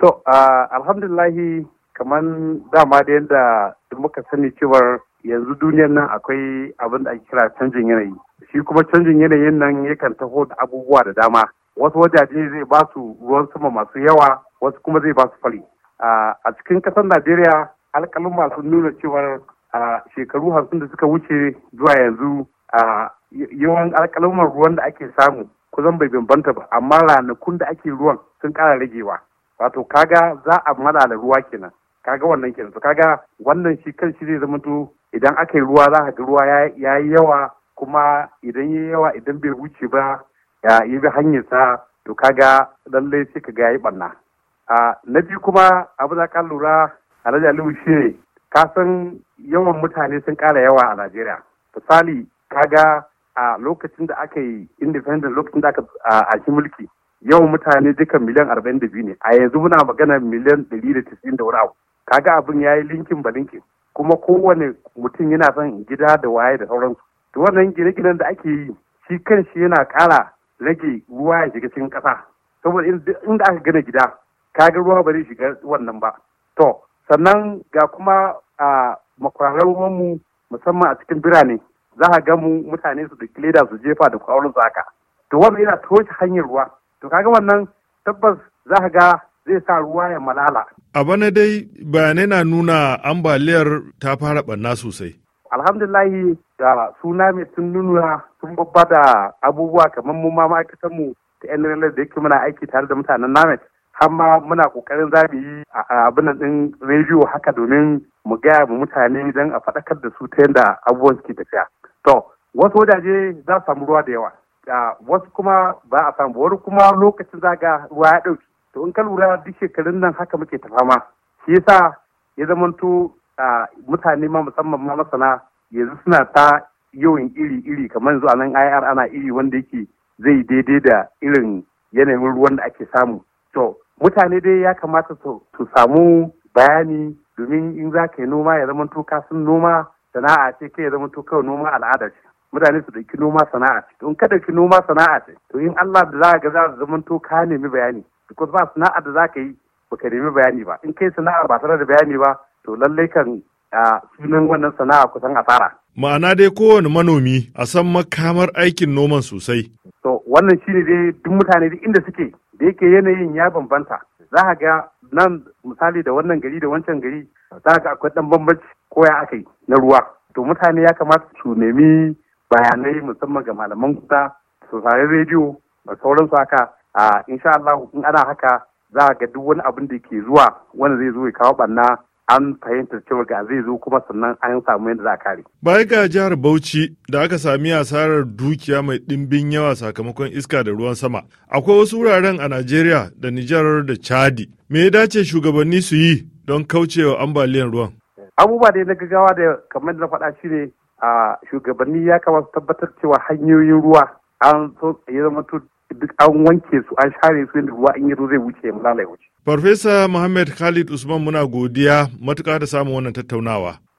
To, uh, alhamdulahi kamar dama da yadda muka sani cewar yanzu duniyar nan akwai abin da ake kira canjin yanayi. Shi kuma canjin yanayin nan yakan taho da abubuwa da dama. Wasu wajaje zai ba su ruwan sama masu yawa, wasu kuma zai ba su fari. a cikin ƙasar Najeriya alƙalin masu nuna cewar uh, shekaru hamsin da suka wuce zuwa yanzu yawan alƙaluman ruwan da ake samu kusan bai bambanta ba amma ranakun da ake ruwan sun ƙara ragewa wato kaga za a malala ruwa kenan kaga wannan kenan to kaga wannan shi kan shi zai zama to idan aka yi ruwa za ka ga ruwa ya yi yawa kuma idan ya yi yawa idan bai wuce ba ya yi bi hanyar sa to kaga lallai sai ka ga ya yi barna na biyu kuma abu za ka lura alhaji aliyu shi ne ka san yawan mutane sun ƙara yawa a najeriya misali kaga a lokacin da aka yi independent lokacin da aka a shi mulki yawan mutane duka miliyan arba'in da biyu ne a yanzu muna magana miliyan ɗari da tisin da wani abu kaga abin ya yi linkin ba linkin kuma kowane mutum yana son gida da waye da sauransu to wannan gine-ginen da ake yi shi kan shi yana ƙara rage ruwa ya shiga cikin ƙasa saboda inda aka gina gida kaga ruwa ba zai shiga wannan ba to sannan ga kuma a makwararwan mu musamman a cikin birane za a ga mu mutane su da leda su jefa da kwarin haka to wannan yana toshe hanyar ruwa to kaga wannan tabbas za ka ga zai sa ruwa ya malala a bana dai bayanai na nuna ambaliyar ta fara ɓanna sosai alhamdulahi da tsunami sun nuna sun babba da abubuwa kamar mu ma ma'aikatan mu ta yan ranar da yake muna aiki tare da mutanen namet har ma muna kokarin za mu yi abin din rediyo haka domin mu gaya mu mutane don a faɗakar da su ta yadda abubuwan suke tafiya to wasu wajaje za su samu ruwa da yawa da wasu kuma ba a samu wani kuma lokacin zagaya ruwa ya ɗauki to in ka lura duk shekarun nan haka muke ta fama shi yasa ya zamanto mutane ma musamman ma masana yanzu suna ta yawan iri iri kamar yanzu a nan IR ana iri wanda yake zai daidai da irin yanayin ruwan da ake samu to mutane dai ya kamata su samu bayani domin in za ka yi noma ya zama to ka san noma sana'a ce kai ya zama to kawai noma al'adar. mutane su ɗauki noma sana'a ce in ka ɗauki noma sana'a ce to in Allah da za ga za a zamanto ka nemi bayani because ba sana'a da za ka yi baka nemi bayani ba in kai sana'a ba tare da bayani ba to lallai kan sunan wannan sana'a kusan asara. Ma'ana dai kowane manomi a san makamar aikin noman sosai. To wannan shine dai duk mutane duk inda suke da yake yanayin ya bambanta za ka ga nan misali da wannan gari da wancan gari za ga akwai dan bambanci ko ya aka yi na ruwa to mutane ya kamata su nemi bayanai musamman ga malaman kusa saurari rediyo da sauransu haka a insha Allah in ana haka za ga duk wani abin da ke zuwa wanda zai zo ya kawo banna an fahimtar cewa ga zai zo kuma sannan an samu yadda za kare. Baya ga jihar Bauchi da aka sami asarar dukiya mai ɗimbin yawa sakamakon iska da ruwan sama. Akwai wasu wuraren a Najeriya da Nijar da Chadi. Me ya dace shugabanni su yi don kaucewa ambaliyar ruwan? Abubuwa da na gaggawa da kamar da na faɗa shi ne a shugabanni ya kamata tabbatar cewa hanyoyin ruwa an so ya zama duk an wanke su an share su yadda ruwa in yi zai wuce ya wuce. Farfesa Muhammad Khalid Usman muna godiya matuƙa da samun wannan tattaunawa.